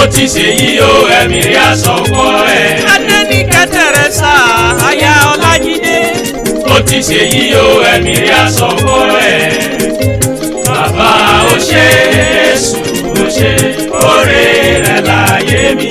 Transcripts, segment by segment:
bó ti ṣe yí o ẹ̀mí rí aṣọ ọkọ ẹ̀. adẹ́nìkẹ́ tẹ̀rẹ́sà aya ọlájídé. bó ti ṣe yí o ẹ̀mí rí aṣọ ọkọ ẹ̀. bàbá ó ṣe é èṣù ó ṣe oore rẹ̀ láyé mi.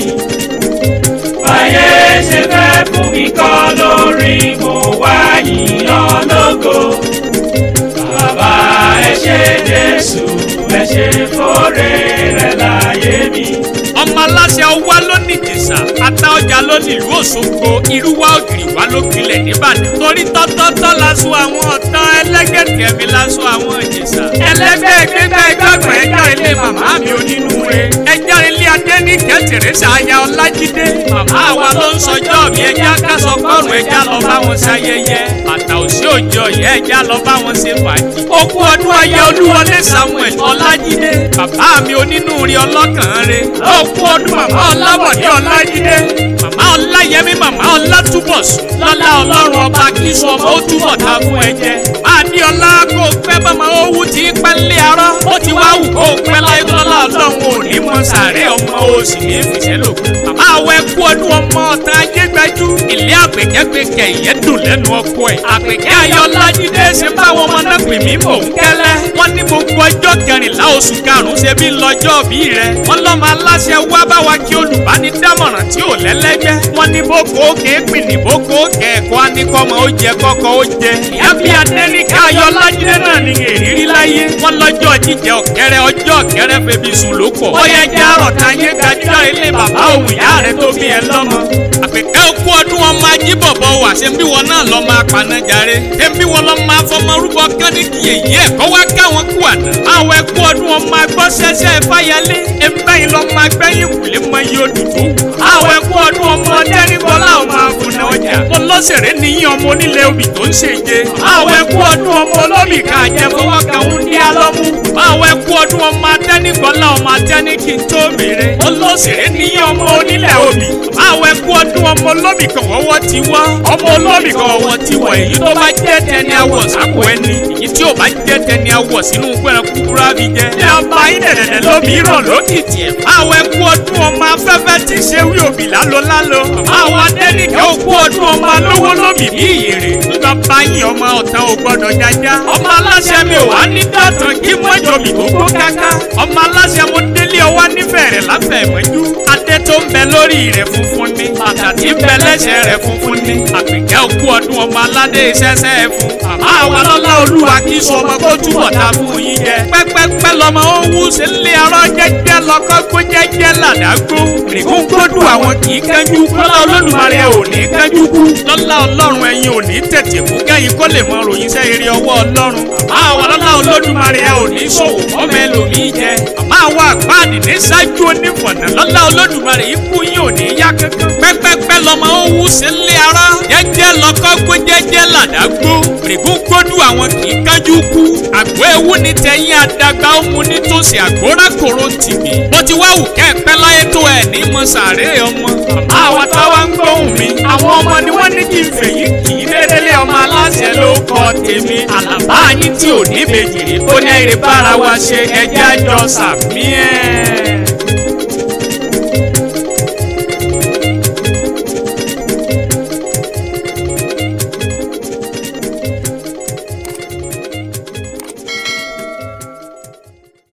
ló nílùú Òṣogbo irú wa ògiri wa ló gbilẹ̀ nìbàdàn torí tọ́tọ́tọ́ lásù àwọn ọ̀tán ẹlẹ́gbẹ́ tẹ̀mí lásù àwọn ìjẹ̀ṣà ẹlẹ́gbẹ́ ẹgbẹ́ ẹgbẹ́ ilé màmá mi onínúure fèrèsé aya ọlájídé bàbá wa ló ń sọjọ́ mi ẹja kásọ gbọ́rùn ẹja lọ bá wọn ṣayẹyẹ bàtà òsì òjò yẹ ẹja lọ bá wọn ṣe fàájì. okú ọdún ayé olúwọlé samuel ọlájídé bàbá mi onínúure ọlọ́kàn re okú ọdún màmá ọlábọ̀dé ọlájídé màmá ọláyẹmí màmá ọlátúbọ̀sùn lọ́lá ọlọ́run ọba kí sọ ọmọ ó túbọ̀ ta fún ẹ sàárẹ̀ ọmọ òsì ní ìfìṣẹ́ lò. bàbá àwọn ẹkú ọdún ọmọ ọ̀tá ajégbájú. ilé àpèkẹ́gbèkẹ́ ìyẹn dùn lẹ́nu ọkọ ẹ̀. àpèkẹ́ ayọ̀lá jíde ṣe báwọn ọmọ náà pè mí mò ń kẹ́lẹ́. wọ́n ní gbogbo ọjọ́ kẹrìnlá oṣù karùn-ún ṣe bí lọ́jọ́ bí rẹ̀. wọ́n lọ́mọ aláṣẹ wá bá wa kí olùbánidámọ̀ràn tí ò lẹ́lẹ́gbẹ́. wọ́n ní boko òkè pin ní boko òkè ẹ̀kọ́ anikọ́mọ ó jẹ kọ́kọ́ ó jẹ. ìyá bí adẹ́nìkẹ́ ayọ̀lá jíde náà ní èrè láyé wọ́n lọ́jọ́ jíjẹ ọ̀kẹ́rẹ́ ọjọ́ ọ̀kẹ́rẹ́ febi sùn ló pọ̀. ó yẹ jẹ́ àròtá yé gbajú ilé bàbá òun ìyá rẹ̀ tó bí ẹ lọ́mọ. àpèkẹ́ òkú ọdún wọn máa jí bọ̀bọ̀ wà ṣé bí wọn náà lọ máa paná jàre. ṣé bí wọn lọ máa fọmọ rúbọ kán ní kìyè yìí ẹ̀ kọ́ wá káwọn kú àná. àwọn ẹkú ọdún wọn máa gbọ́ sẹ́sẹ́ fáyálé. ẹ̀ńbẹ́yìn lọ máa gbẹ́yìn kùlé mọ iye òdùdú. àwọn ẹkú ọdún wọn máa dẹ́rìbọ́lá wọn máa fúnná ọjà. wọn lọ́sẹ̀rẹ̀ níyìn ọmọ onílẹ̀ obì tó ń ṣèje. àwọn ẹkú ọdún ọmọ olóbì ká jẹ́ fún pé kú ọdún ọmọ atẹ́nìgbọ́lá ọmọ atẹ́nìkì tó bèrè olóṣèré ní ọmọ onílẹ̀ òbí báwo ẹ kú ọdún ọmọ olóbì kan ọwọ́ ti wá ọmọ olóbì kan ọwọ́ ti wọ̀ èyí tó bá jẹ́ tẹni awọ̀ sáko ẹni èyí tí ò bá jẹ́ tẹni awọ̀ sínú gbẹ̀rẹ̀ kúkúrú àbí jẹ́ ní ọba ìdẹ̀dẹ̀dẹ̀ lómi ràn lókìtì ẹ̀ báwo ẹ kú ọdún ọmọ afẹ́fẹ́ tí ṣe wí òbí lálo lálo báwo atẹ́nìkẹ́ wá orí rẹ̀ funfun ni àtàtì ń rẹ̀ funfun ni àpèjẹ́ òkú ọdún ọmọ aládé iṣẹ́ṣẹ́ fún. àmọ́ àwa olúwa kì í sọ ọmọ kó túbọ̀ ta fún yín jẹ. pẹ́pẹ́pẹ́ lọmọ ó wú sí ilé ọrọ̀ jẹ́jẹ́ lọ́kọ́ kó jẹ́jẹ́ làdágún. rìkún gbódù àwọn kì í kánjú lọ́lá olódùmarè ò ní kánjú kú. lọ́lá ọlọ́run ẹ̀yin ò ní tètè mú kẹ́yìn kó lè mọ ròyìn sẹ́ eré ọwọ́ ọlọ́run. àmọ́ àwa lọ́lá ò ní ṣòwò àpáàdì ní ṣáájú onífọ̀nà lọ́lá olódùmarè ikú yín ò ní yá kankan. pẹ́pẹ́pẹ́ lọmọ ó wú sí ilé ara. jẹ́jẹ́ lọ́kọ́ gbó jẹ́jẹ́ làdágbó. rìbú gbódù àwọn kì í kájú kú. àgbo ewu ni tẹ̀yìn àdàgbà ó mu nítòsí àgbórá kòrò tìbí. bó ti wá wù kẹ́ pẹ́ láyé tó ẹ̀ ní mọ sàárè ọmọ. àwa táwa ń gbóhùn mi. àwọn ọmọ ni wọ́n ní kí n fèyí orúkọ tèmi àlàbá yín tí ò ní méjì ó ní ẹ̀rí bára wa ṣe ẹjẹ́ àjọ sàmí ẹ̀.